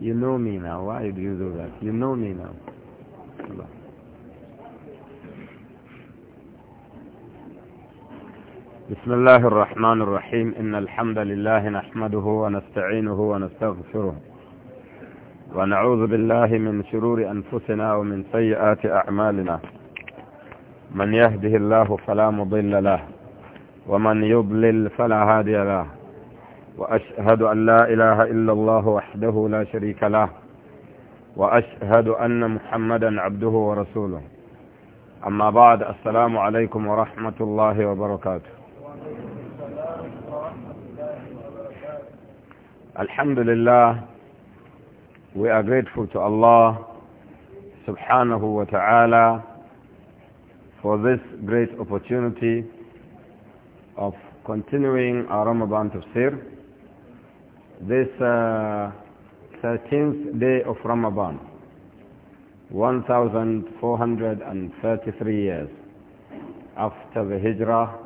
You know me now. Why do you do that? You know me now. بسم الله الرحمن الرحيم إن الحمد لله نحمده ونستعينه ونستغفره ونعوذ بالله من شرور أنفسنا ومن سيئات أعمالنا من يهده الله فلا مضل له ومن يضلل فلا هادي له وأشهد أن لا إله إلا الله وحده لا شريك له وأشهد أن محمدا عبده ورسوله أما بعد السلام عليكم ورحمة الله وبركاته الحمد لله we are grateful to Allah سبحانه وتعالى for this great opportunity of continuing our Ramadan to tafsir. this uh, 13th day of Ramadan, 1433 years after the hijrah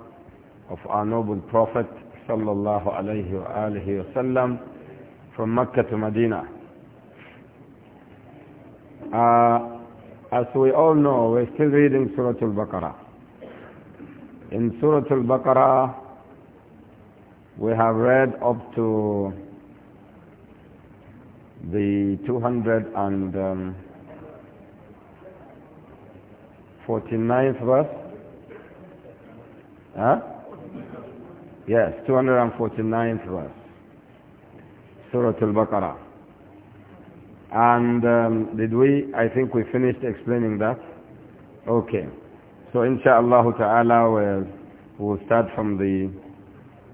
of our noble Prophet sallallahu alayhi sallam, from Mecca to Medina. Uh, as we all know, we're still reading Surah Al-Baqarah. In Surah Al-Baqarah, we have read up to the 249th um, verse. Huh? Yes, 249th verse. Surah Al-Baqarah. And um, did we, I think we finished explaining that? Okay. So inshallah ta'ala we'll, we'll start from the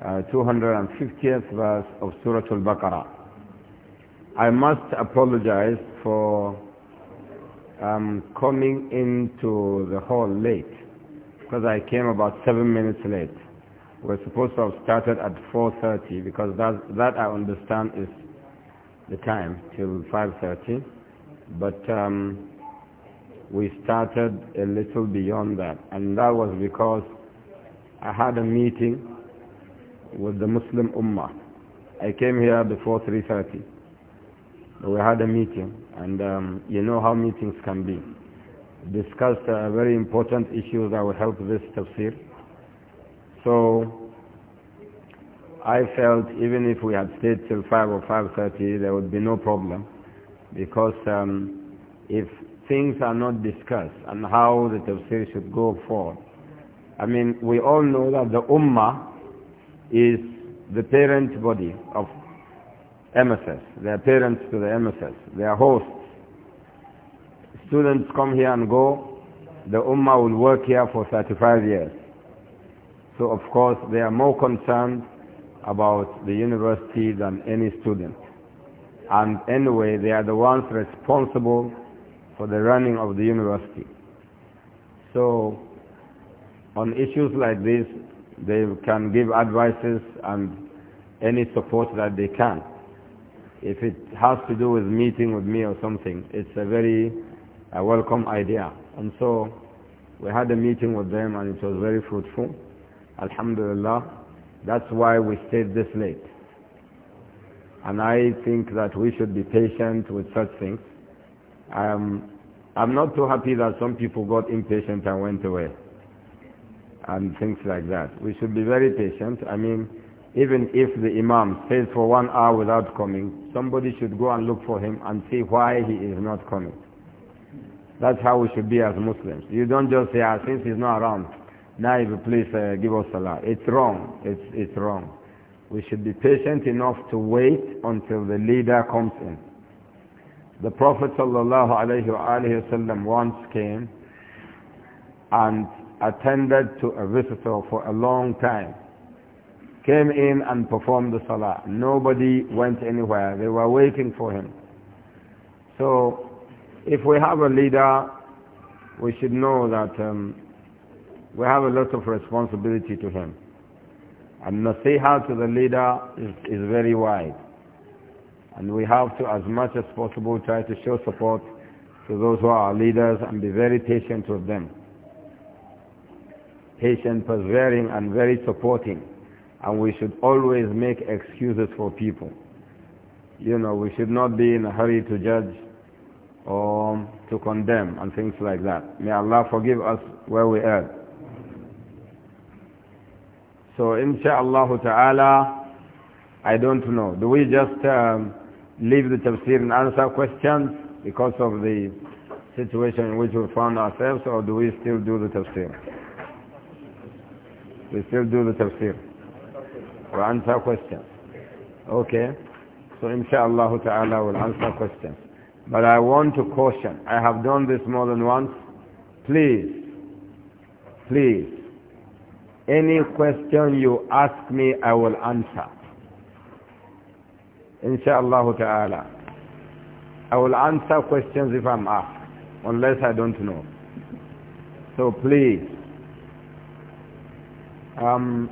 uh, 250th verse of Surah Al-Baqarah. I must apologize for um, coming into the hall late because I came about seven minutes late. We're supposed to have started at 4.30 because that, that I understand is the time till 5.30. But um, we started a little beyond that. And that was because I had a meeting with the Muslim Ummah. I came here before 3.30 we had a meeting, and um, you know how meetings can be. Discussed uh, very important issues that will help this tafsir. So I felt even if we had stayed till 5 or 5.30, there would be no problem, because um, if things are not discussed and how the tafsir should go forward, I mean, we all know that the ummah is the parent body of MSS, their parents to the MSS, their hosts. Students come here and go. The Ummah will work here for 35 years. So of course they are more concerned about the university than any student. And anyway, they are the ones responsible for the running of the university. So on issues like this, they can give advices and any support that they can. If it has to do with meeting with me or something, it's a very a welcome idea. And so we had a meeting with them and it was very fruitful. Alhamdulillah. That's why we stayed this late. And I think that we should be patient with such things. Um, I'm not too happy that some people got impatient and went away and things like that. We should be very patient. I mean, even if the imam stays for one hour without coming, somebody should go and look for him and see why he is not coming. That's how we should be as Muslims. You don't just say, ah, since he's not around, now please uh, give us salah. It's wrong. It's, it's wrong. We should be patient enough to wait until the leader comes in. The Prophet ﷺ once came and attended to a visitor for a long time came in and performed the salah. Nobody went anywhere. They were waiting for him. So if we have a leader, we should know that um, we have a lot of responsibility to him. And nasiha to the leader is, is very wide. And we have to, as much as possible, try to show support to those who are leaders and be very patient with them. Patient, persevering, and very supporting. And we should always make excuses for people. You know, we should not be in a hurry to judge or to condemn and things like that. May Allah forgive us where we err. So insha'Allah ta'ala, I don't know. Do we just um, leave the tafsir and answer questions because of the situation in which we found ourselves or do we still do the tafsir? We still do the tafsir or answer questions. Okay? So insha'Allah ta'ala will answer questions. But I want to caution, I have done this more than once. Please, please, any question you ask me, I will answer. Insha'Allah ta'ala. I will answer questions if I'm asked, unless I don't know. So please, um,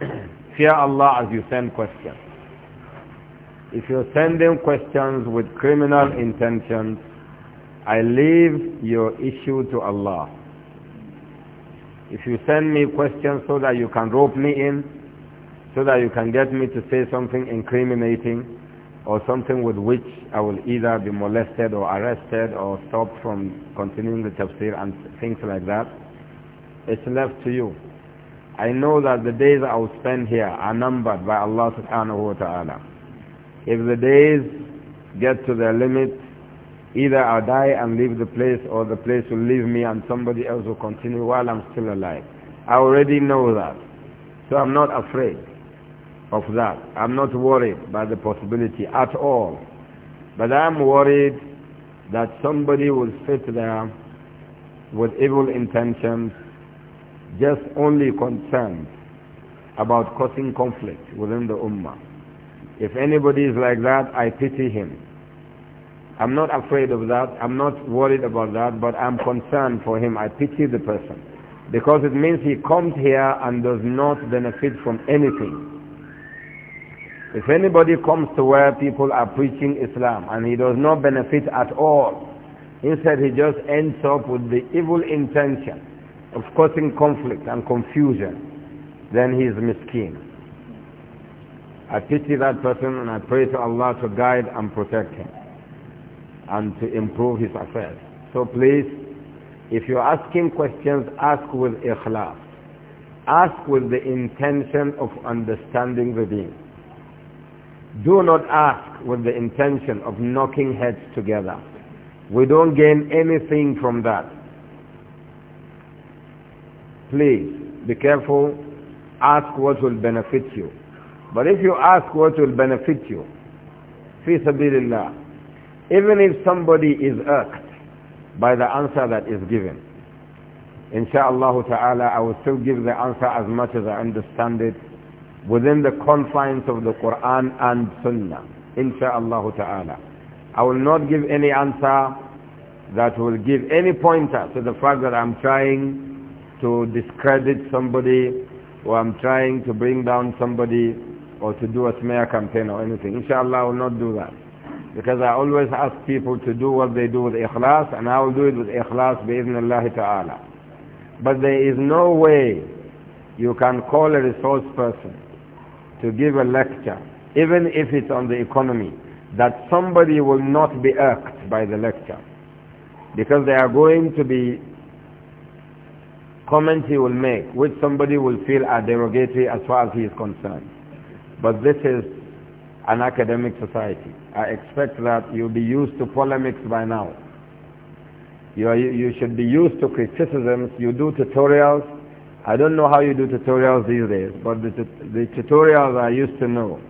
Fear Allah as you send questions. If you're sending questions with criminal intentions, I leave your issue to Allah. If you send me questions so that you can rope me in, so that you can get me to say something incriminating, or something with which I will either be molested or arrested or stopped from continuing the tafsir and things like that, it's left to you. I know that the days I will spend here are numbered by Allah subhanahu wa ta'ala. If the days get to their limit, either I die and leave the place or the place will leave me and somebody else will continue while I'm still alive. I already know that. So I'm not afraid of that. I'm not worried by the possibility at all. But I'm worried that somebody will sit there with evil intentions just only concerned about causing conflict within the ummah. If anybody is like that, I pity him. I'm not afraid of that. I'm not worried about that, but I'm concerned for him. I pity the person. Because it means he comes here and does not benefit from anything. If anybody comes to where people are preaching Islam and he does not benefit at all, instead he just ends up with the evil intention of causing conflict and confusion, then he is miskin. I pity that person and I pray to Allah to guide and protect him and to improve his affairs. So please, if you're asking questions, ask with ikhlas. Ask with the intention of understanding the deen. Do not ask with the intention of knocking heads together. We don't gain anything from that. Please be careful. Ask what will benefit you. But if you ask what will benefit you, fi sabilillah, even if somebody is irked by the answer that is given, inshallah ta'ala, I will still give the answer as much as I understand it within the confines of the Quran and Sunnah, inshallah ta'ala. I will not give any answer that will give any pointer to the fact that I'm trying to discredit somebody or I'm trying to bring down somebody or to do a smear campaign or anything. Inshallah, I will not do that. Because I always ask people to do what they do with ikhlas, and I will do it with ikhlas, bi'idhnillahi ta'ala. But there is no way you can call a resource person to give a lecture, even if it's on the economy, that somebody will not be irked by the lecture. Because they are going to be comment he will make, which somebody will feel are derogatory as far as he is concerned. But this is an academic society. I expect that you'll be used to polemics by now. You, are, you should be used to criticisms. You do tutorials. I don't know how you do tutorials these days, but the, the tutorials I used to know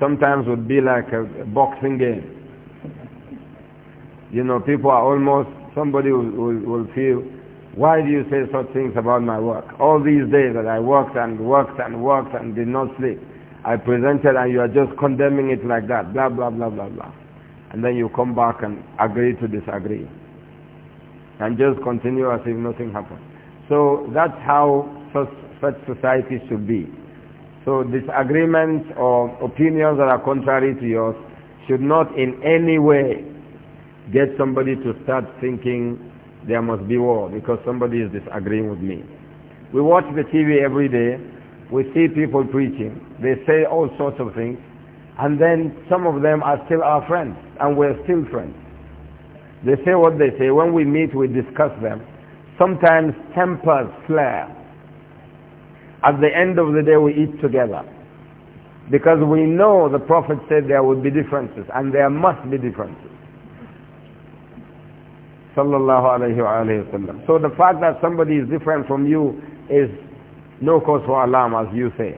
sometimes would be like a, a boxing game. You know, people are almost, somebody will, will, will feel, why do you say such things about my work? All these days that I worked and worked and worked and did not sleep, I presented and you are just condemning it like that, blah, blah, blah, blah, blah. And then you come back and agree to disagree. And just continue as if nothing happened. So that's how such, such should be. So disagreements or opinions that are contrary to yours should not in any way get somebody to start thinking there must be war because somebody is disagreeing with me. We watch the TV every day. We see people preaching. They say all sorts of things. And then some of them are still our friends, and we're still friends. They say what they say. When we meet, we discuss them. Sometimes tempers flare. At the end of the day, we eat together. Because we know the Prophet said there would be differences, and there must be differences. Sallallahu alayhi wa, sallam. So the fact that somebody is different from you is no cause for alarm as you say.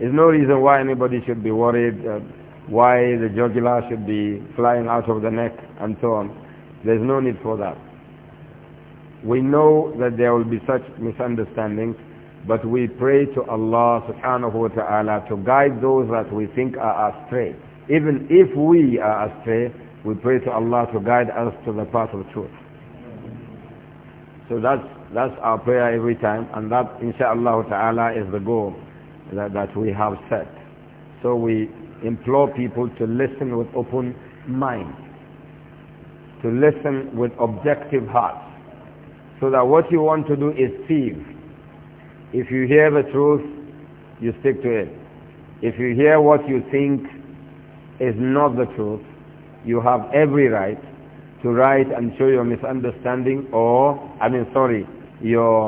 There's no reason why anybody should be worried, uh, why the jugular should be flying out of the neck and so on. There's no need for that. We know that there will be such misunderstandings, but we pray to Allah subhanahu wa ta'ala to guide those that we think are astray. Even if we are astray, we pray to Allah to guide us to the path of truth. So that's, that's our prayer every time, and that, inshallah ta'ala, is the goal that, that we have set. So we implore people to listen with open mind, to listen with objective heart, so that what you want to do is see. If you hear the truth, you stick to it. If you hear what you think is not the truth, you have every right to write and show your misunderstanding or, I mean, sorry, your,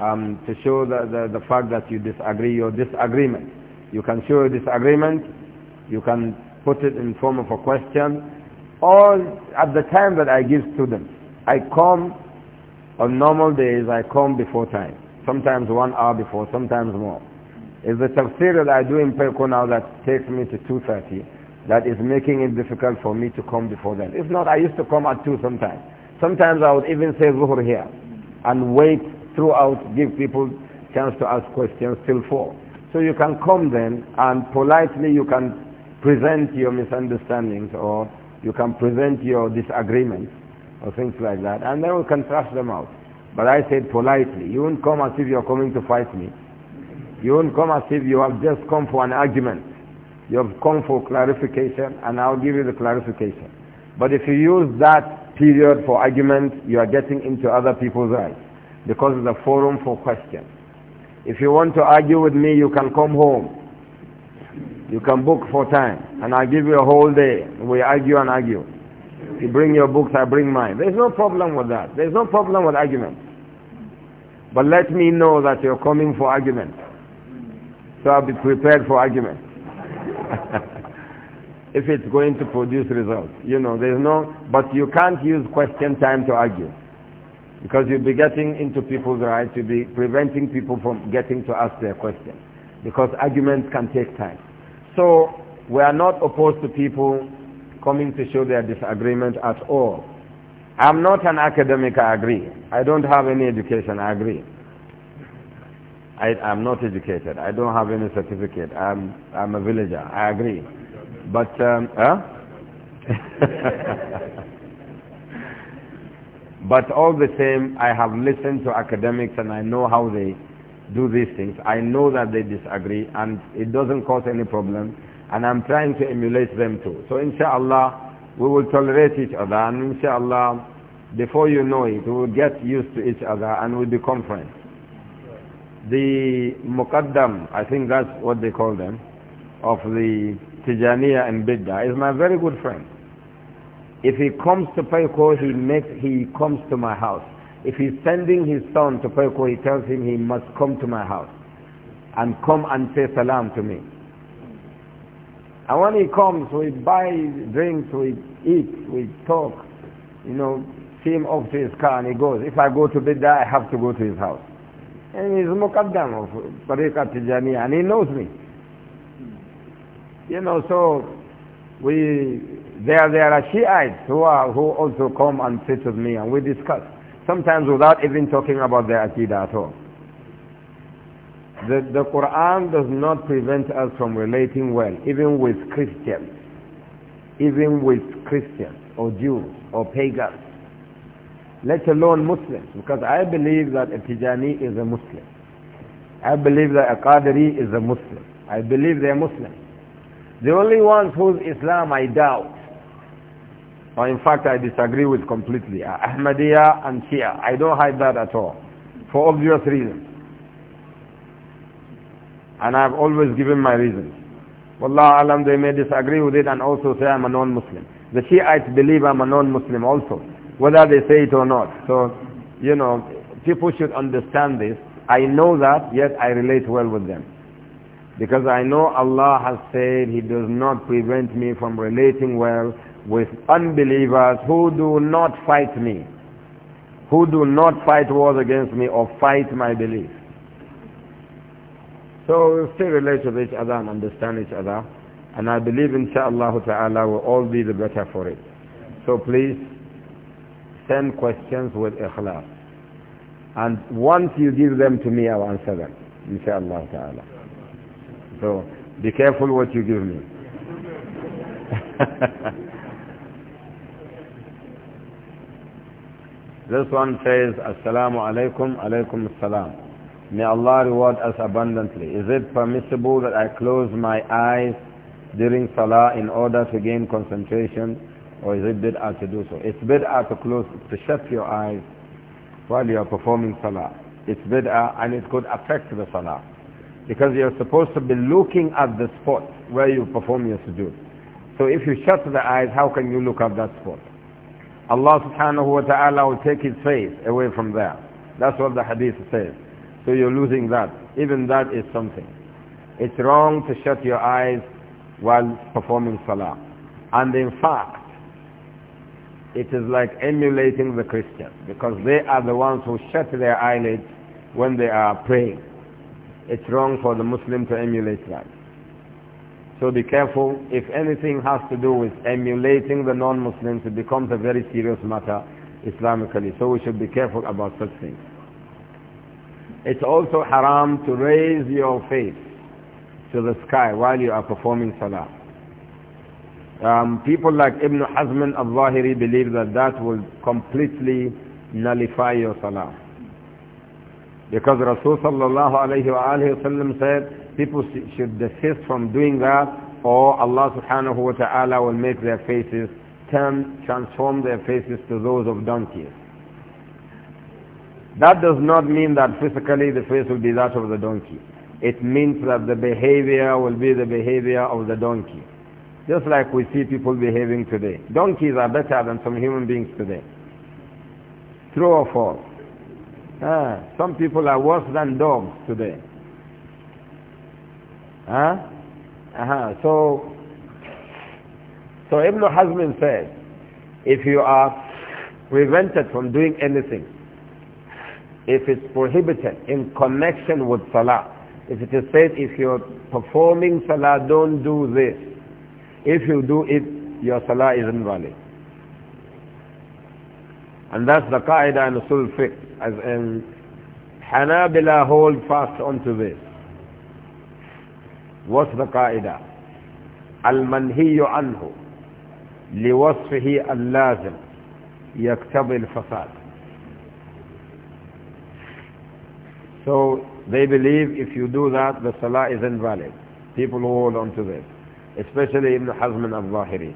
um, to show the, the, the fact that you disagree, your disagreement. You can show your disagreement, you can put it in form of a question, or at the time that I give students, I come on normal days, I come before time, sometimes one hour before, sometimes more. It's the tafsir that I do in Peko now that takes me to 2.30 that is making it difficult for me to come before them. If not, I used to come at 2 sometimes. Sometimes I would even say Zuhr here and wait throughout, give people chance to ask questions till 4. So you can come then and politely you can present your misunderstandings or you can present your disagreements or things like that and then we can trash them out. But I said politely, you won't come as if you're coming to fight me. You won't come as if you have just come for an argument. You have come for clarification and I'll give you the clarification. But if you use that period for argument, you are getting into other people's eyes because it's a forum for questions. If you want to argue with me, you can come home. You can book for time and I'll give you a whole day. We argue and argue. You bring your books, I bring mine. There's no problem with that. There's no problem with argument. But let me know that you're coming for argument. So I'll be prepared for argument. if it's going to produce results. You know, there's no, but you can't use question time to argue. Because you'll be getting into people's rights, you'll be preventing people from getting to ask their questions. Because arguments can take time. So, we are not opposed to people coming to show their disagreement at all. I'm not an academic, I agree. I don't have any education, I agree. I, am not educated. I don't have any certificate. I'm, I'm a villager. I agree. But, um, huh? but all the same, I have listened to academics and I know how they do these things. I know that they disagree and it doesn't cause any problem. And I'm trying to emulate them too. So inshallah, we will tolerate each other and inshallah, before you know it, we will get used to each other and we'll become friends the Muqaddam, I think that's what they call them, of the Tijaniya and Bidda, is my very good friend. If he comes to Paiko, he makes, he comes to my house. If he's sending his son to Paiko, he tells him he must come to my house and come and say salam to me. And when he comes, we buy drinks, we eat, we talk, you know, see him off to his car and he goes. If I go to Bidda, I have to go to his house. And he's Muqaddam of Tariqa Tijani and he knows me. You know, so we, there, there are Shiites who, are, who also come and sit with me and we discuss. Sometimes without even talking about their akida at all. The, the Quran does not prevent us from relating well, even with Christians, even with Christians or Jews or pagans let alone Muslims. Because I believe that a Tijani is a Muslim. I believe that a Qadiri is a Muslim. I believe they are Muslims. The only ones whose Islam I doubt, or in fact I disagree with completely, are Ahmadiyya and Shia. I don't hide that at all, for obvious reasons. And I've always given my reasons. Wallah alam, they may disagree with it and also say I'm a non-Muslim. The Shiites believe I'm a non-Muslim also whether they say it or not. So, you know, people should understand this. I know that, yet I relate well with them. Because I know Allah has said He does not prevent me from relating well with unbelievers who do not fight me, who do not fight wars against me or fight my belief. So we still relate with each other and understand each other. And I believe inshaAllah ta'ala will all be the better for it. So please, ten questions with ikhlas. And once you give them to me, I'll answer them, inshallah ta'ala. So, be careful what you give me. this one says, Assalamu alaikum, alaikum assalam. May Allah reward us abundantly. Is it permissible that I close my eyes during salah in order to gain concentration? Or is it bid'ah to do so? It's bid'ah to close, to shut your eyes while you are performing salah. It's bid'ah and it could affect the salah. Because you're supposed to be looking at the spot where you perform your sujood. So if you shut the eyes, how can you look at that spot? Allah subhanahu wa ta'ala will take his face away from there. That's what the hadith says. So you're losing that. Even that is something. It's wrong to shut your eyes while performing salah. And in fact, it is like emulating the Christians because they are the ones who shut their eyelids when they are praying. It's wrong for the Muslim to emulate that. So be careful. If anything has to do with emulating the non-Muslims, it becomes a very serious matter Islamically. So we should be careful about such things. It's also haram to raise your face to the sky while you are performing salah. Um, people like Ibn Hazm al-Zahiri believe that that will completely nullify your salah. Because Rasulullah sallallahu said, people should desist from doing that or Allah subhanahu wa ta'ala will make their faces turn, transform their faces to those of donkeys. That does not mean that physically the face will be that of the donkey. It means that the behavior will be the behavior of the donkey. Just like we see people behaving today. Donkeys are better than some human beings today. True or false? Ah, some people are worse than dogs today. Huh? Ah? Uh-huh. So, so Ibn Hazm says, if you are prevented from doing anything, if it's prohibited in connection with salah, if it is said, if you're performing salah, don't do this. If you do it, your salah is invalid. And that's the qaida and usul fiqh. As in, Hanabila hold fast onto this. What's the qaida? المنهي عنه al-lazim yaktabil الفساد So they believe if you do that, the salah is invalid. People hold on to this especially Ibn Hazm al-Zahiri.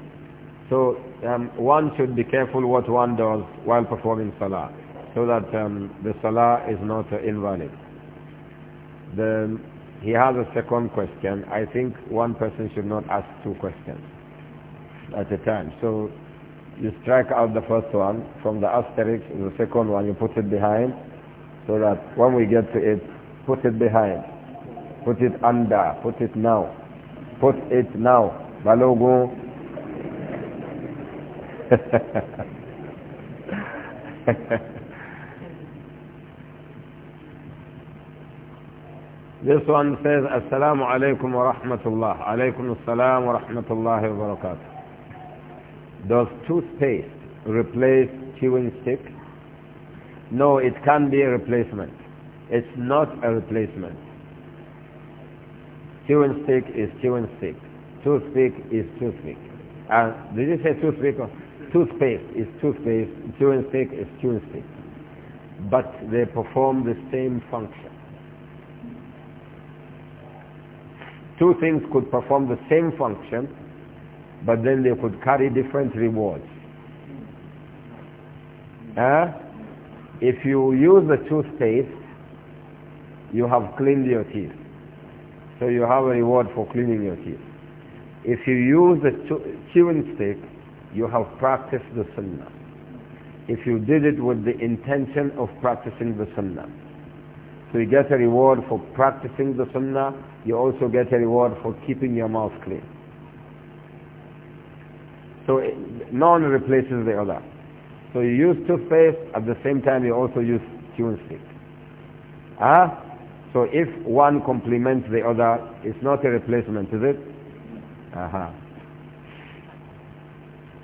So um, one should be careful what one does while performing salah, so that um, the salah is not uh, invalid. The, he has a second question. I think one person should not ask two questions at a time. So you strike out the first one from the asterisk, the second one you put it behind, so that when we get to it, put it behind, put it under, put it now. Put it now. Balogo. this one says, Assalamu alaikum wa rahmatullah. Alaikum assalam wa rahmatullahi wa barakatuh. Does toothpaste replace chewing stick? No, it can be a replacement. It's not a replacement Toothpick is toothpick. Toothpick is toothpick. And did you say toothpick? Toothpaste is toothpaste. Toothpick is toothpick. But they perform the same function. Two things could perform the same function, but then they could carry different rewards. Eh? If you use the toothpaste, you have cleaned your teeth. So you have a reward for cleaning your teeth. If you use the chewing stick, you have practiced the sunnah. If you did it with the intention of practicing the sunnah. So you get a reward for practicing the sunnah, you also get a reward for keeping your mouth clean. So eh, none replaces the other. So you use toothpaste, at the same time you also use chewing stick. Ah? Huh? So if one complements the other, it's not a replacement, is it? Uh -huh.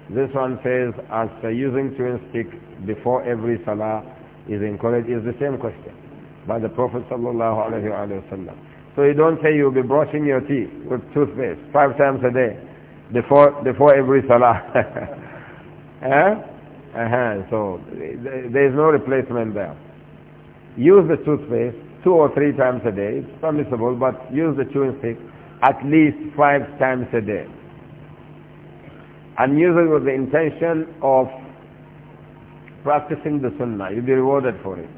This one says, as using chewing stick before every salah is encouraged, is the same question by the Prophet sallallahu alaihi wasallam. So you don't say you'll be brushing your teeth with toothpaste five times a day before before every salah. eh? uh -huh. So there's no replacement there. Use the toothpaste two or three times a day. It's permissible, but use the chewing stick at least five times a day. And use it with the intention of practicing the sunnah. You'll be rewarded for it.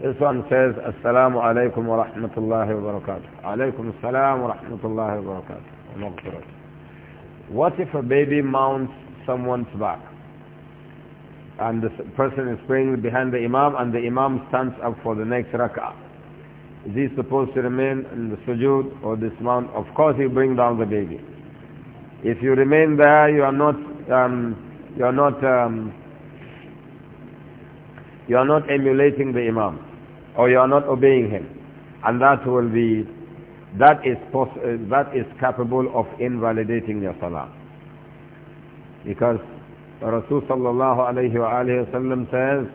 This one says, Assalamu alaikum wa rahmatullahi wa barakatuh. Alaykum assalam wa rahmatullahi wa barakatuh. What if a baby mounts someone's back? and the person is praying behind the imam and the imam stands up for the next rak'ah. Is he supposed to remain in the sujood or dismount? Of course you bring down the baby. If you remain there, you are not, um, you are not, um, you are not emulating the imam or you are not obeying him. And that will be, that is, uh, that is capable of invalidating your salah. Because Rasul sallallahu alayhi wa alayhi wa says,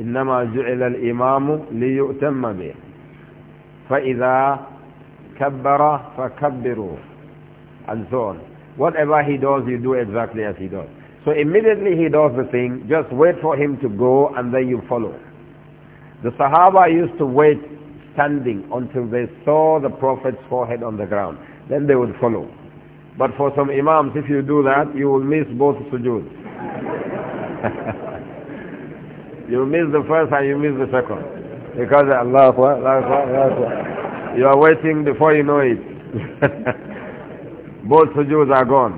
إنما جعل الإمام ليؤتم به فإذا كبر فكبروا and so on. Whatever he does, you do exactly as he does. So immediately he does the thing, just wait for him to go and then you follow. The Sahaba used to wait standing until they saw the Prophet's forehead on the ground. Then they would follow. But for some imams, if you do that, you will miss both sujood. you miss the first and you miss the second. Because Allah, Allah, Allah, you are waiting before you know it. both sujood are gone.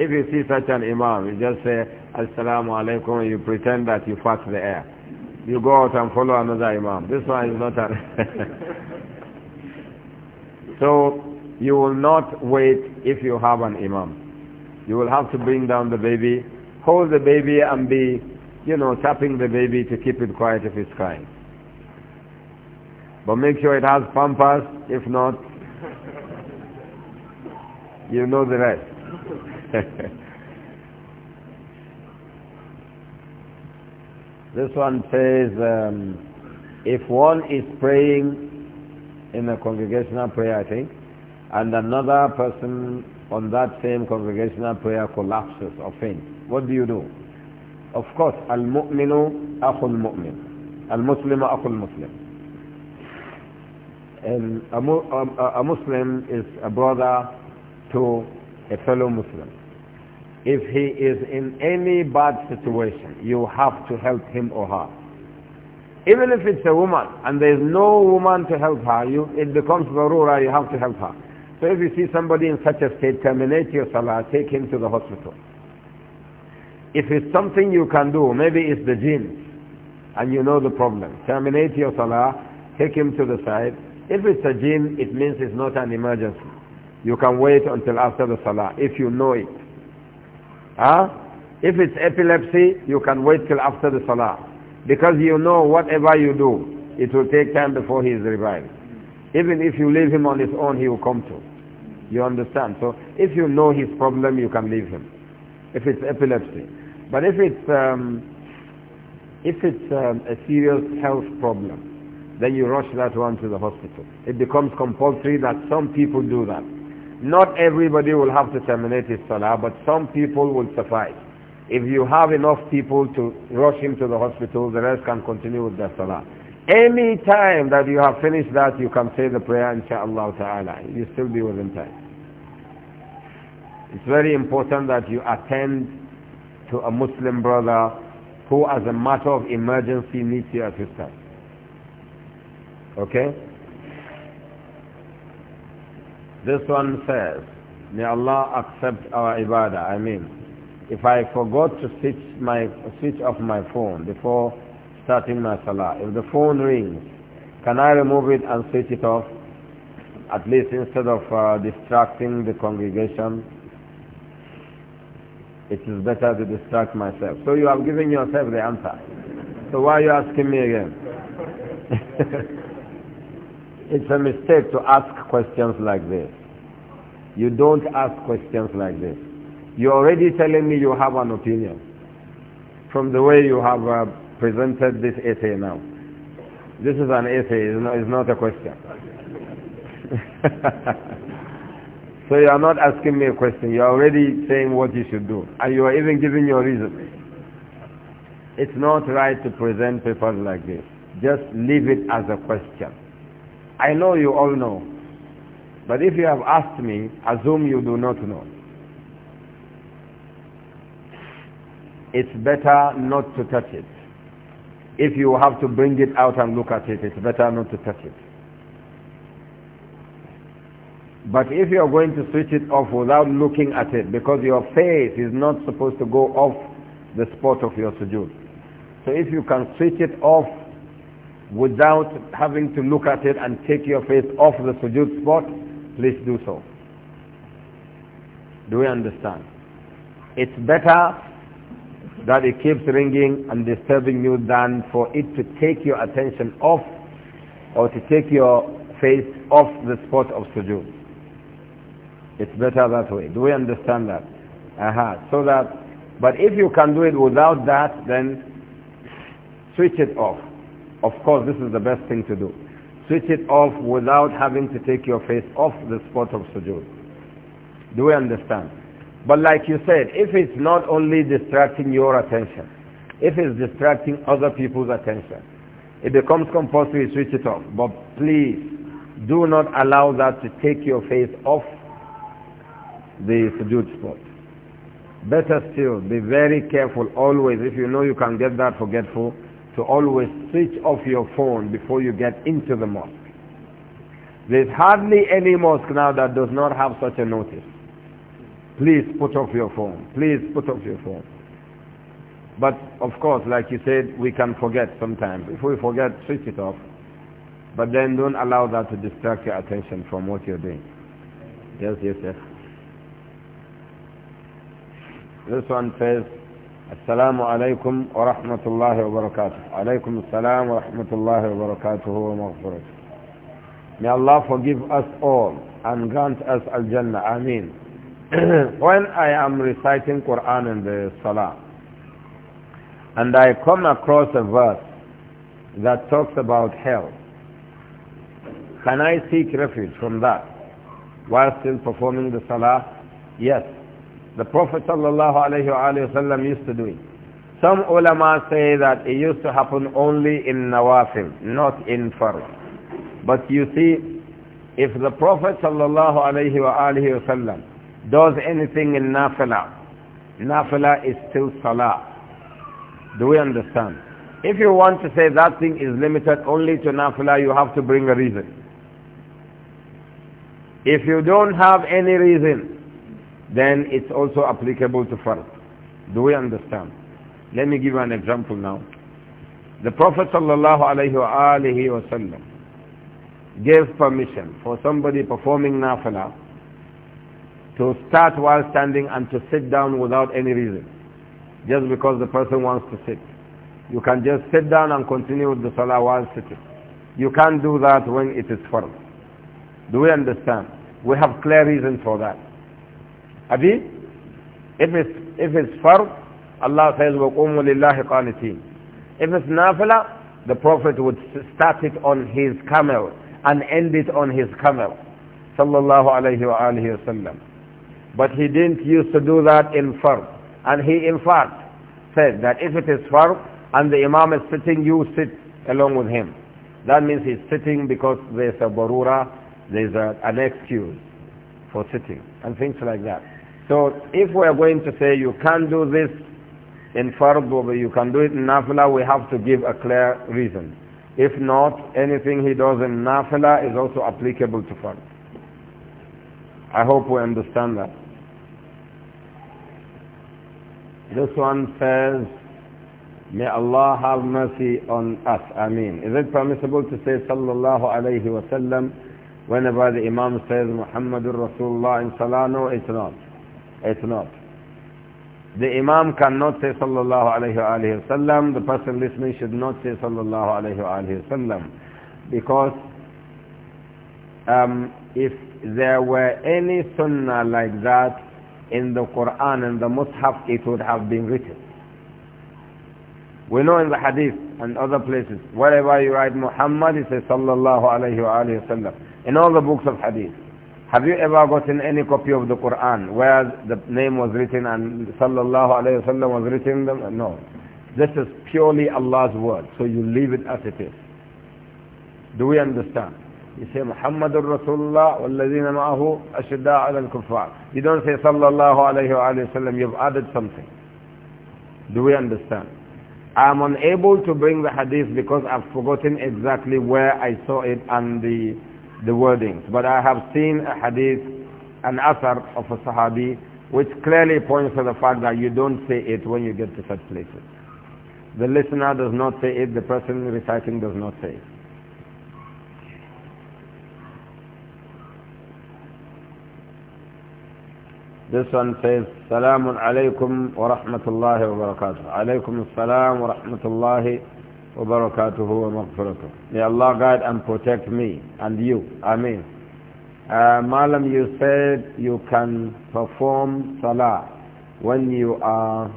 If you see such an imam, you just say, Assalamu alaikum, and you pretend that you fart the air. You go out and follow another imam. This one is not an... So you will not wait if you have an imam. You will have to bring down the baby, hold the baby and be, you know, tapping the baby to keep it quiet if it's crying. But make sure it has pampas. If not, you know the rest. this one says, um, if one is praying in the congregational prayer, I think, and another person on that same congregational prayer collapses or faints. What do you do? Of course, al-mu'minu akhul mu'min. Al-muslimu akhul muslim. And a, um, a, a Muslim is a brother to a fellow Muslim. If he is in any bad situation, you have to help him or her even if it's a woman and there is no woman to help her, you, it becomes barura, you have to help her. So if you see somebody in such a state, terminate your salah, take him to the hospital. If it's something you can do, maybe it's the genes, and you know the problem, terminate your salah, take him to the side. If it's a jinn, it means it's not an emergency. You can wait until after the salah, if you know it. Huh? If it's epilepsy, you can wait till after the salah. Because you know whatever you do, it will take time before he is revived. Even if you leave him on his own, he will come to. You understand? So if you know his problem, you can leave him. If it's epilepsy. But if it's, um, if it's um, a serious health problem, then you rush that one to the hospital. It becomes compulsory that some people do that. Not everybody will have to terminate his salah, but some people will suffice. If you have enough people to rush him to the hospital, the rest can continue with their salah. Any time that you have finished that, you can say the prayer, inshallah ta'ala. You still be within time. It's very important that you attend to a Muslim brother who as a matter of emergency needs your assistance. Okay? This one says, May Allah accept our ibadah, I mean. If I forgot to switch, my, switch off my phone before starting my salah, if the phone rings, can I remove it and switch it off? At least instead of uh, distracting the congregation, it is better to distract myself. So you have given yourself the answer. So why are you asking me again? it's a mistake to ask questions like this. You don't ask questions like this. You're already telling me you have an opinion from the way you have uh, presented this essay now. This is an essay, it's not, it's not a question. so you are not asking me a question, you are already saying what you should do, and you are even giving your reason. It's not right to present papers like this. Just leave it as a question. I know you all know, but if you have asked me, assume you do not know. it's better not to touch it. If you have to bring it out and look at it, it's better not to touch it. But if you are going to switch it off without looking at it, because your face is not supposed to go off the spot of your sujood. So if you can switch it off without having to look at it and take your face off the sujood spot, please do so. Do we understand? It's better that it keeps ringing and disturbing you than for it to take your attention off or to take your face off the spot of sujood. It's better that way. Do we understand that? Aha. So that, but if you can do it without that, then switch it off. Of course, this is the best thing to do. Switch it off without having to take your face off the spot of sujood. Do we understand? But like you said, if it's not only distracting your attention, if it's distracting other people's attention, it becomes compulsory to switch it off. But please, do not allow that to take your face off the sujood spot. Better still, be very careful always, if you know you can get that forgetful, to always switch off your phone before you get into the mosque. There's hardly any mosque now that does not have such a notice. Please put off your phone. Please put off your phone. But of course, like you said, we can forget sometimes. If we forget, switch it off. But then don't allow that to distract your attention from what you're doing. Yes, yes, yes. This one says, Assalamu alaikum wa rahmatullahi wa barakatuh. Alaikum assalam wa rahmatullahi wa barakatuhu wa maghfiratuh. May Allah forgive us all and grant us al-Jannah. Ameen. when I am reciting Quran in the Salah, and I come across a verse that talks about hell, can I seek refuge from that while still performing the Salah? Yes. The Prophet ﷺ used to do it. Some ulama say that it used to happen only in nawafil, not in farz. But you see, if the Prophet ﷺ does anything in nafila, nafila is still salah. Do we understand? If you want to say that thing is limited only to nafila, you have to bring a reason. If you don't have any reason, then it's also applicable to fard. Do we understand? Let me give you an example now. The Prophet ﷺ gave permission for somebody performing nafila to start while standing and to sit down without any reason, just because the person wants to sit. You can just sit down and continue with the salah while sitting. You can't do that when it is firm. Do we understand? We have clear reason for that. Abi, if it's, if it's farm, Allah says, وَقُومُوا لِلَّهِ قَانِتِينَ If it's nafila, the Prophet would start it on his camel and end it on his camel. Sallallahu alayhi wa sallam. But he didn't used to do that in Farb. And he in fact said that if it is Farb and the Imam is sitting, you sit along with him. That means he's sitting because there's a barura, there's a, an excuse for sitting and things like that. So if we're going to say you can't do this in Farb or you can do it in Nafila, we have to give a clear reason. If not, anything he does in Nafila is also applicable to Farb. I hope we understand that. This one says, May Allah have mercy on us. Ameen. Is it permissible to say sallallahu alayhi wasallam whenever the Imam says Muhammadur Rasulullah in Salah? No, it's not. It's not. The Imam cannot say sallallahu alayhi wasallam." The person listening should not say sallallahu alayhi wasallam," Because um, if there were any sunnah like that, in the Quran and the Mus'haf it would have been written. We know in the Hadith and other places, wherever you write Muhammad, it says Sallallahu Alaihi Wasallam. In all the books of Hadith. Have you ever gotten any copy of the Quran where the name was written and Sallallahu Alaihi Wasallam was written? No. This is purely Allah's word, so you leave it as it is. Do we understand? You say Muhammadur Rasulullah وَالَّذِينَ مَعَهُ أَشِدَّاءَ عَلَى الْكُفَّارِ You don't say sallallahu alayhi wa sallam. You've added something. Do we understand? I'm unable to bring the hadith because I've forgotten exactly where I saw it and the, the wordings. But I have seen a hadith, an asar of a sahabi, which clearly points to the fact that you don't say it when you get to such places. The listener does not say it, the person reciting does not say it. This one says, Salamun alaykum wa rahmatullahi wa barakatuh. Alaykum salam wa rahmatullahi wa barakatuhu wa maghfiratuh. May Allah guide and protect me and you. Ameen. Uh, Malam, you said you can perform salah when you are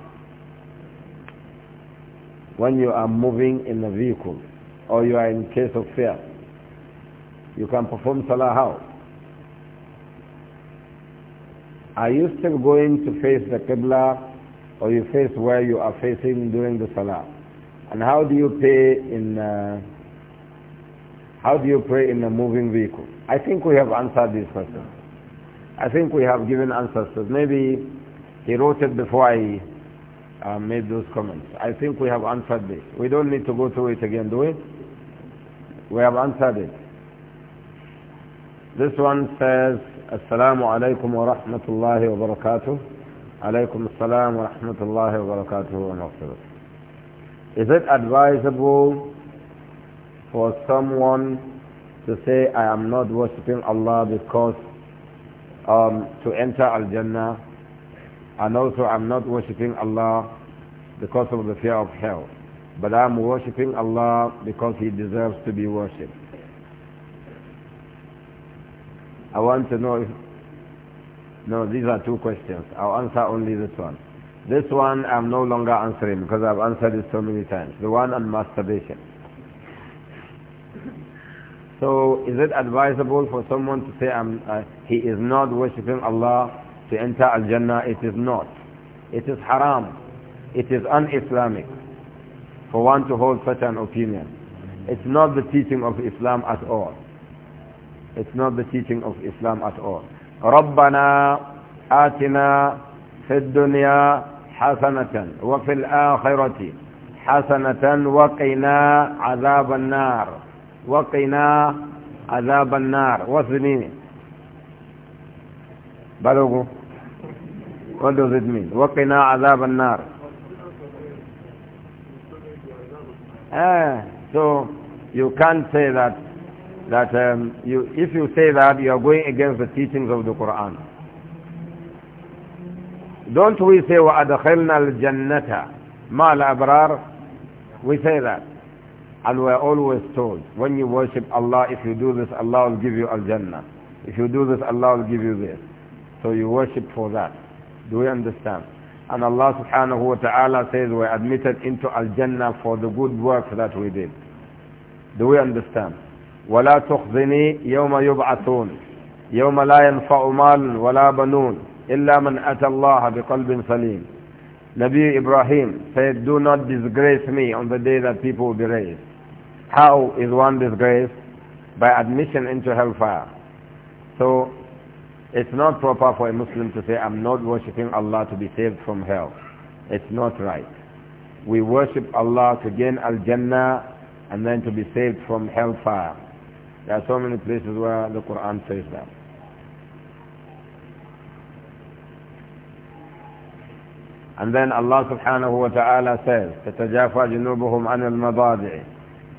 when you are moving in a vehicle or you are in case of fear. You can perform salah how? are you still going to face the Qibla or you face where you are facing during the Salah? And how do you pay in, uh, how do you pray in a moving vehicle? I think we have answered these questions. I think we have given answers Maybe he wrote it before I uh, made those comments. I think we have answered this. We don't need to go through it again, do we? We have answered it. This one says, السلام عليكم ورحمة الله وبركاته عليكم السلام ورحمة الله وبركاته ومغفرته Is it advisable for someone to say I am not worshipping Allah because um, to enter Al-Jannah and also I'm not worshipping Allah because of the fear of hell but I'm worshipping Allah because He deserves to be worshipped I want to know if... No, these are two questions. I'll answer only this one. This one I'm no longer answering because I've answered it so many times. The one on masturbation. So is it advisable for someone to say uh, he is not worshipping Allah to enter Al-Jannah? It is not. It is haram. It is un-Islamic for one to hold such an opinion. It's not the teaching of Islam at all. It's not the teaching of Islam at all. ربنا آتنا في الدنيا حسنة وفي الآخرة حسنة وقنا عذاب النار وقنا عذاب النار وثنين بلغوا What does it mean? وقنا عذاب النار Ah, so you can't say that that um, you, if you say that, you are going against the teachings of the Quran. Don't we say, وَأَدْخِلْنَا الْجَنَّةَ مَا الْأَبْرَارِ We say that. And we're always told, when you worship Allah, if you do this, Allah will give you Al-Jannah. If you do this, Allah will give you this. So you worship for that. Do we understand? And Allah subhanahu wa ta'ala says we're admitted into Al-Jannah for the good work that we did. Do we understand? ولا تخزني يوم يبعثون يوم لا ينفع مال ولا بنون إلا من أتى الله بقلب سليم Nabi Ibrahim said, do not disgrace me on the day that people will be raised. How is one disgraced? By admission into hellfire. So, it's not proper for a Muslim to say, I'm not worshipping Allah to be saved from hell. It's not right. We worship Allah to gain Al-Jannah and then to be saved from hellfire. There are so many places where the Quran says that. And then Allah subhanahu wa ta'ala says, تتجافى جنوبهم عن المضاجع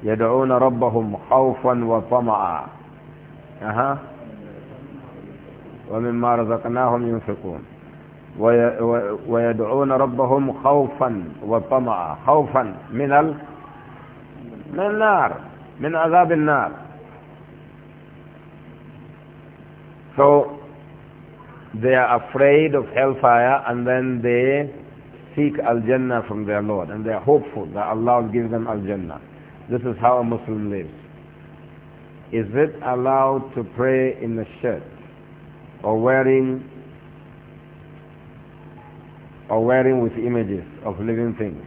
يدعون ربهم خوفا وطمعا أها ومما رزقناهم ينفقون ويدعون ربهم خوفا وطمعا خوفا من ال... من النار من عذاب النار So they are afraid of hellfire and then they seek al-Jannah from their Lord and they are hopeful that Allah will give them al-Jannah. This is how a Muslim lives. Is it allowed to pray in a shirt or wearing or wearing with images of living things,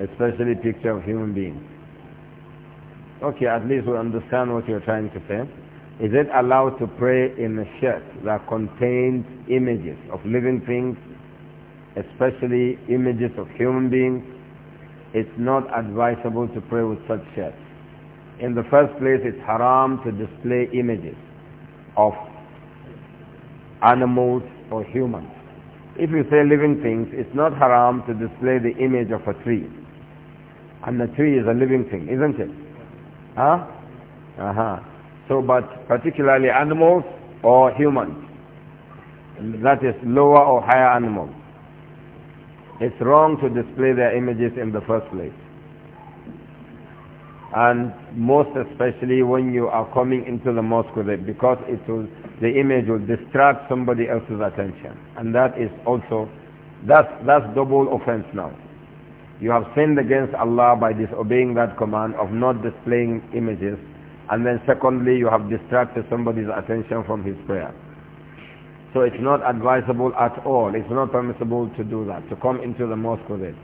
especially picture of human beings? Okay, at least we understand what you're trying to say. Is it allowed to pray in a shirt that contains images of living things, especially images of human beings? It's not advisable to pray with such shirts. In the first place, it's haram to display images of animals or humans. If you say living things, it's not haram to display the image of a tree. And the tree is a living thing, isn't it? Huh? Uh-huh. So, but particularly animals or humans, that is lower or higher animals. It's wrong to display their images in the first place. And most especially when you are coming into the mosque with it, because it will, the image will distract somebody else's attention. And that is also, that's, that's double offense now. You have sinned against Allah by disobeying that command of not displaying images and then secondly, you have distracted somebody's attention from his prayer. So it's not advisable at all. It's not permissible to do that, to come into the mosque with it,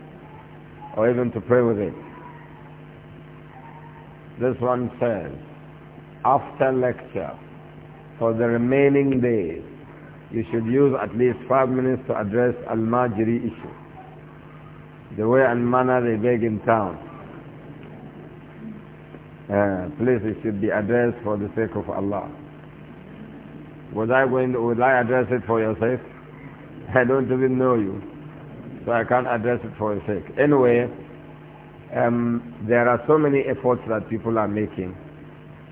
or even to pray with it. This one says, after lecture, for the remaining days, you should use at least five minutes to address Al-Majri issue. The way and manner they beg in town. Uh, Places should be addressed for the sake of Allah. Would I going to, would I address it for your sake? I don't even know you, so I can't address it for your sake. Anyway, um, there are so many efforts that people are making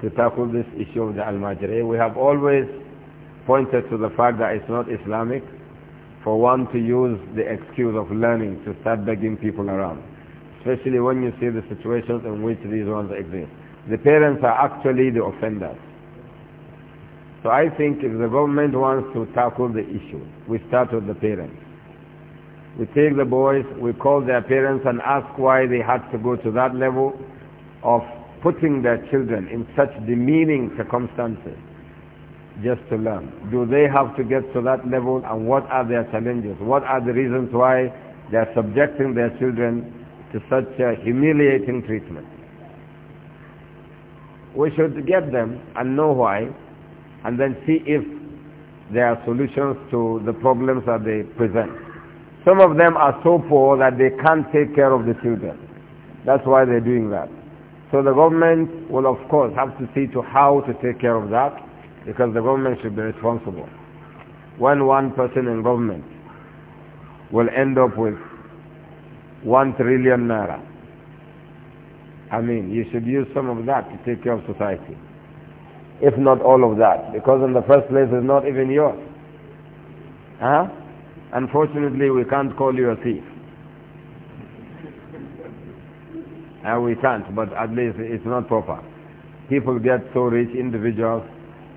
to tackle this issue of the al We have always pointed to the fact that it's not Islamic for one to use the excuse of learning to start begging people around, especially when you see the situations in which these ones exist. The parents are actually the offenders. So I think if the government wants to tackle the issue, we start with the parents. We take the boys, we call their parents and ask why they had to go to that level of putting their children in such demeaning circumstances just to learn. Do they have to get to that level and what are their challenges? What are the reasons why they are subjecting their children to such humiliating treatment? we should get them and know why, and then see if there are solutions to the problems that they present. Some of them are so poor that they can't take care of the children. That's why they're doing that. So the government will of course have to see to how to take care of that because the government should be responsible. When one person in government will end up with one trillion naira, I mean, you should use some of that to take care of society. If not all of that, because in the first place it's not even yours. Huh? Unfortunately, we can't call you a thief. Uh, we can't, but at least it's not proper. People get so rich, individuals.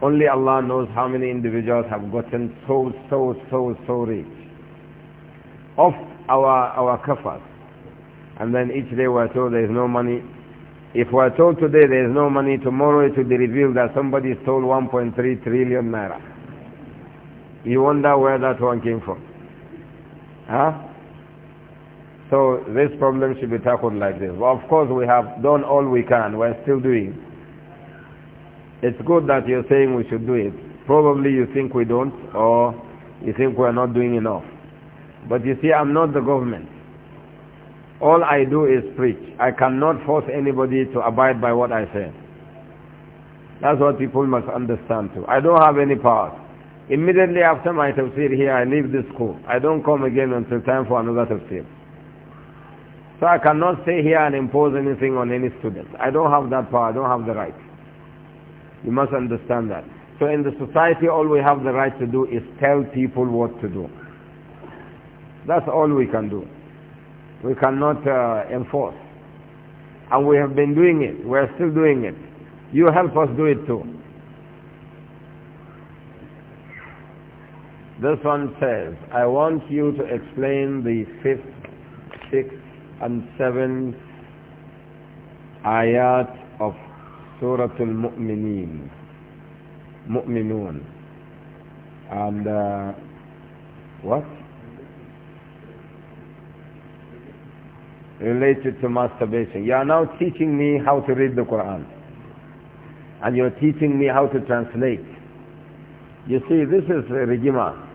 Only Allah knows how many individuals have gotten so, so, so, so rich. Of our, our kafas. And then each day we're told there is no money, if we're told today there is no money, tomorrow it will be revealed that somebody stole 1.3 trillion naira. You wonder where that one came from. Huh? So this problem should be tackled like this. Well, of course we have done all we can. We're still doing. It's good that you're saying we should do it. Probably you think we don't or you think we're not doing enough. But you see, I'm not the government. All I do is preach. I cannot force anybody to abide by what I say. That's what people must understand too. I don't have any power. Immediately after my tafsir here, I leave this school. I don't come again until time for another tafsir. So I cannot stay here and impose anything on any student. I don't have that power. I don't have the right. You must understand that. So in the society, all we have the right to do is tell people what to do. That's all we can do we cannot uh, enforce. And we have been doing it. We are still doing it. You help us do it too. This one says, I want you to explain the fifth, sixth, and seventh ayat of Surah Al-Mu'mineen. Mu'minun. And, uh, what? related to masturbation. You are now teaching me how to read the Quran. And you're teaching me how to translate. You see, this is regima.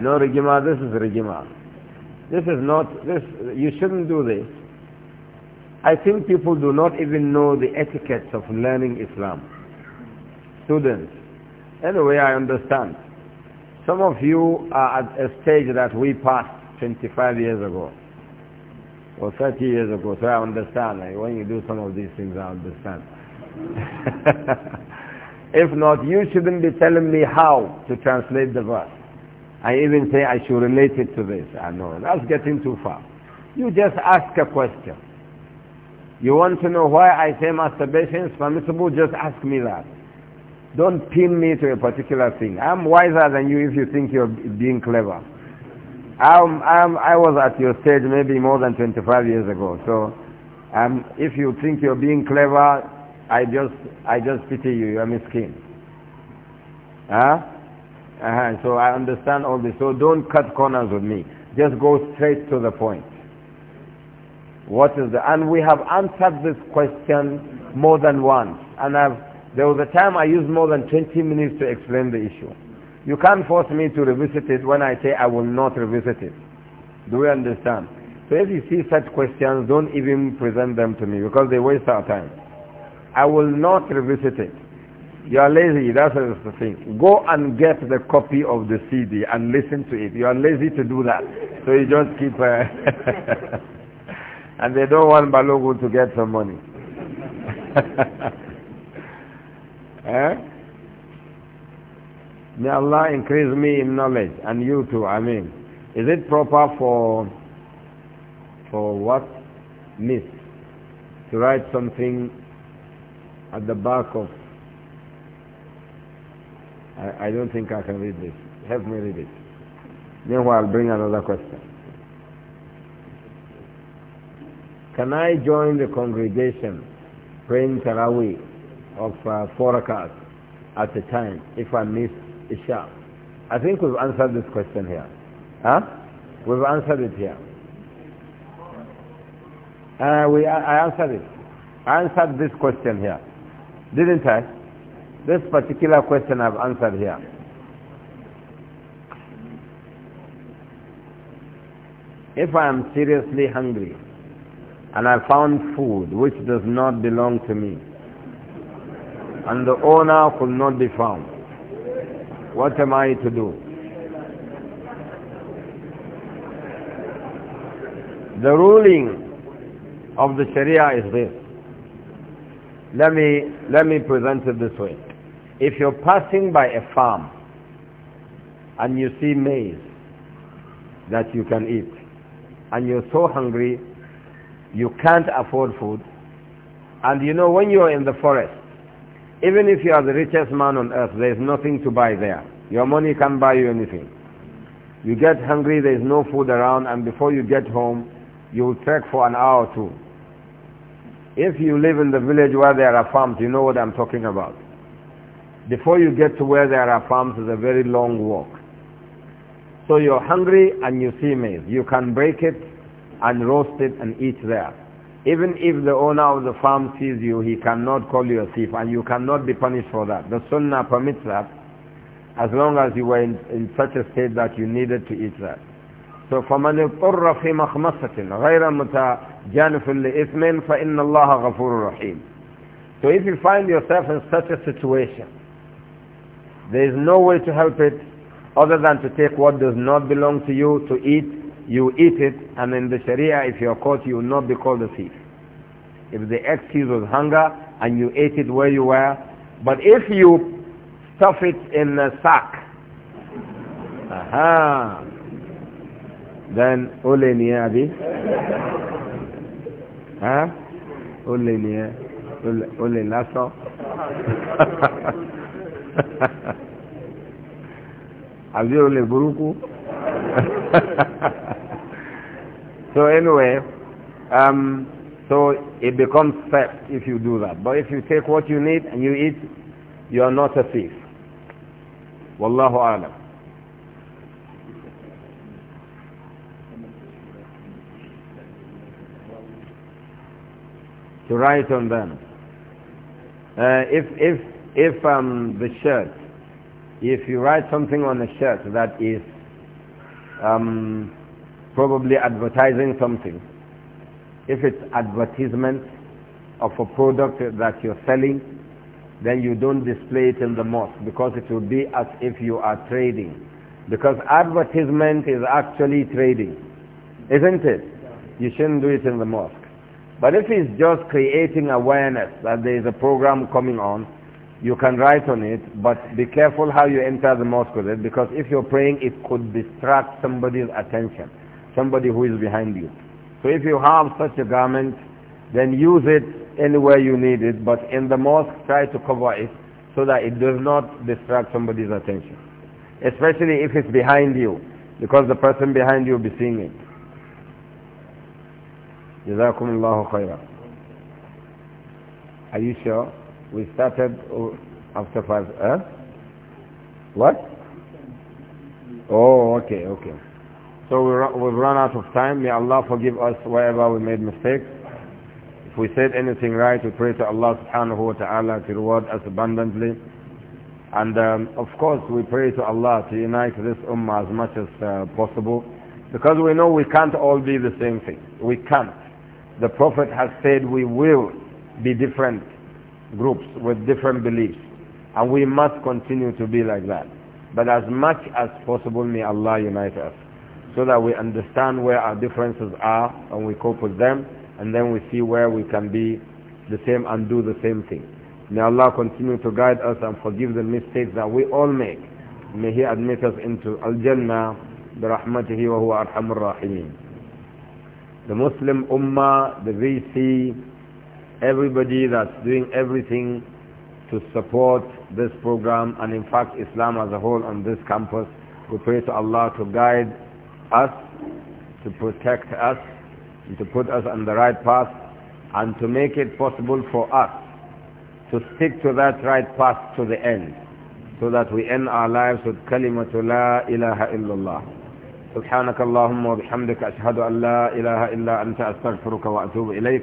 No regima, this is regima. This is not, this, you shouldn't do this. I think people do not even know the etiquettes of learning Islam. Students, anyway, I understand. Some of you are at a stage that we passed 25 years ago or 30 years ago, so I understand. Like, when you do some of these things, I understand. if not, you shouldn't be telling me how to translate the verse. I even say I should relate it to this. I know, that's getting too far. You just ask a question. You want to know why I say masturbation is permissible? Just ask me that. Don't pin me to a particular thing. I'm wiser than you if you think you're being clever. I'm, I'm, I was at your stage maybe more than 25 years ago. So um, if you think you're being clever, I just, I just pity you. You're miskin. Huh? Uh -huh. So I understand all this. So don't cut corners with me. Just go straight to the point. What is the... And we have answered this question more than once. And I've, there was a time I used more than 20 minutes to explain the issue. You can't force me to revisit it when I say I will not revisit it. Do we understand? So if you see such questions, don't even present them to me because they waste our time. I will not revisit it. You are lazy, that's the thing. Go and get the copy of the CD and listen to it. You are lazy to do that. So you just keep... Uh, and they don't want Balogu to get some money. eh? May Allah increase me in knowledge and you too, I mean. Is it proper for, for what? Miss. To write something at the back of, I, I don't think I can read this. Help me read it. Meanwhile, I'll bring another question. Can I join the congregation praying Taraweeh of uh, four rakats at a time if I miss Isha. I think we've answered this question here. Huh? We've answered it here. Uh, we, I answered it. I answered this question here. Didn't I? This particular question I've answered here. If I am seriously hungry and I found food which does not belong to me and the owner could not be found, what am I to do? The ruling of the Sharia is this. Let me, let me present it this way. If you're passing by a farm and you see maize that you can eat, and you're so hungry, you can't afford food, and you know when you're in the forest, even if you are the richest man on earth, there is nothing to buy there. Your money can't buy you anything. You get hungry, there is no food around, and before you get home, you will trek for an hour or two. If you live in the village where there are farms, you know what I'm talking about. Before you get to where there are farms, it's a very long walk. So you're hungry and you see maize. You can break it and roast it and eat there. Even if the owner of the farm sees you, he cannot call you a thief and you cannot be punished for that. The sunnah permits that as long as you were in, in such a state that you needed to eat that. So فَمَنِ اضْطُرَّ فِي مَخْمَصَةٍ غَيْرَ مُتَجَانِفٍ لِإِثْمٍ فَإِنَّ اللَّهَ غَفُورٌ رَحِيمٌ So if you find yourself in such a situation, there is no way to help it other than to take what does not belong to you to eat you eat it, and in the Sharia, if you are caught, you will not be called a thief. If the excuse was hunger and you ate it where you were, but if you stuff it in a sack, aha, then ole niya abi, huh? Ole niya, ole lasso. Abi ole buruku. so anyway, um, so it becomes theft if you do that. But if you take what you need and you eat, you are not a thief. Wallahu alam. To write on them. Uh, if if if um, the shirt, if you write something on the shirt that is um, probably advertising something. If it's advertisement of a product that you're selling, then you don't display it in the mosque because it will be as if you are trading. Because advertisement is actually trading, isn't it? You shouldn't do it in the mosque. But if it's just creating awareness that there is a program coming on, you can write on it, but be careful how you enter the mosque with it, because if you're praying, it could distract somebody's attention, somebody who is behind you. So if you have such a garment, then use it anywhere you need it, but in the mosque, try to cover it so that it does not distract somebody's attention. Especially if it's behind you, because the person behind you will be seeing it. جزاكم الله خيرا Are you sure? we started uh, after five. Huh? What? Oh, okay, okay. So we we've run out of time. May Allah forgive us wherever we made mistakes. If we said anything right, we pray to Allah subhanahu wa ta'ala to reward us abundantly. And um, of course, we pray to Allah to unite this ummah as much as uh, possible. Because we know we can't all be the same thing. We can't. The Prophet has said we will be different groups with different beliefs. And we must continue to be like that. But as much as possible, may Allah unite us so that we understand where our differences are and we cope with them, and then we see where we can be the same and do the same thing. May Allah continue to guide us and forgive the mistakes that we all make. May He admit us into Al-Jannah برحمته وهو أرحم الراحمين. The Muslim Ummah, the VC, everybody that's doing everything to support this program and in fact Islam as a whole on this campus. We pray to Allah to guide us, to protect us, to put us on the right path and to make it possible for us to stick to that right path to the end so that we end our lives with kalimatu la ilaha illallah. سبحانك اللهم وبحمدك أشهد أن لا إله إلا أنت أستغفرك وأتوب إليك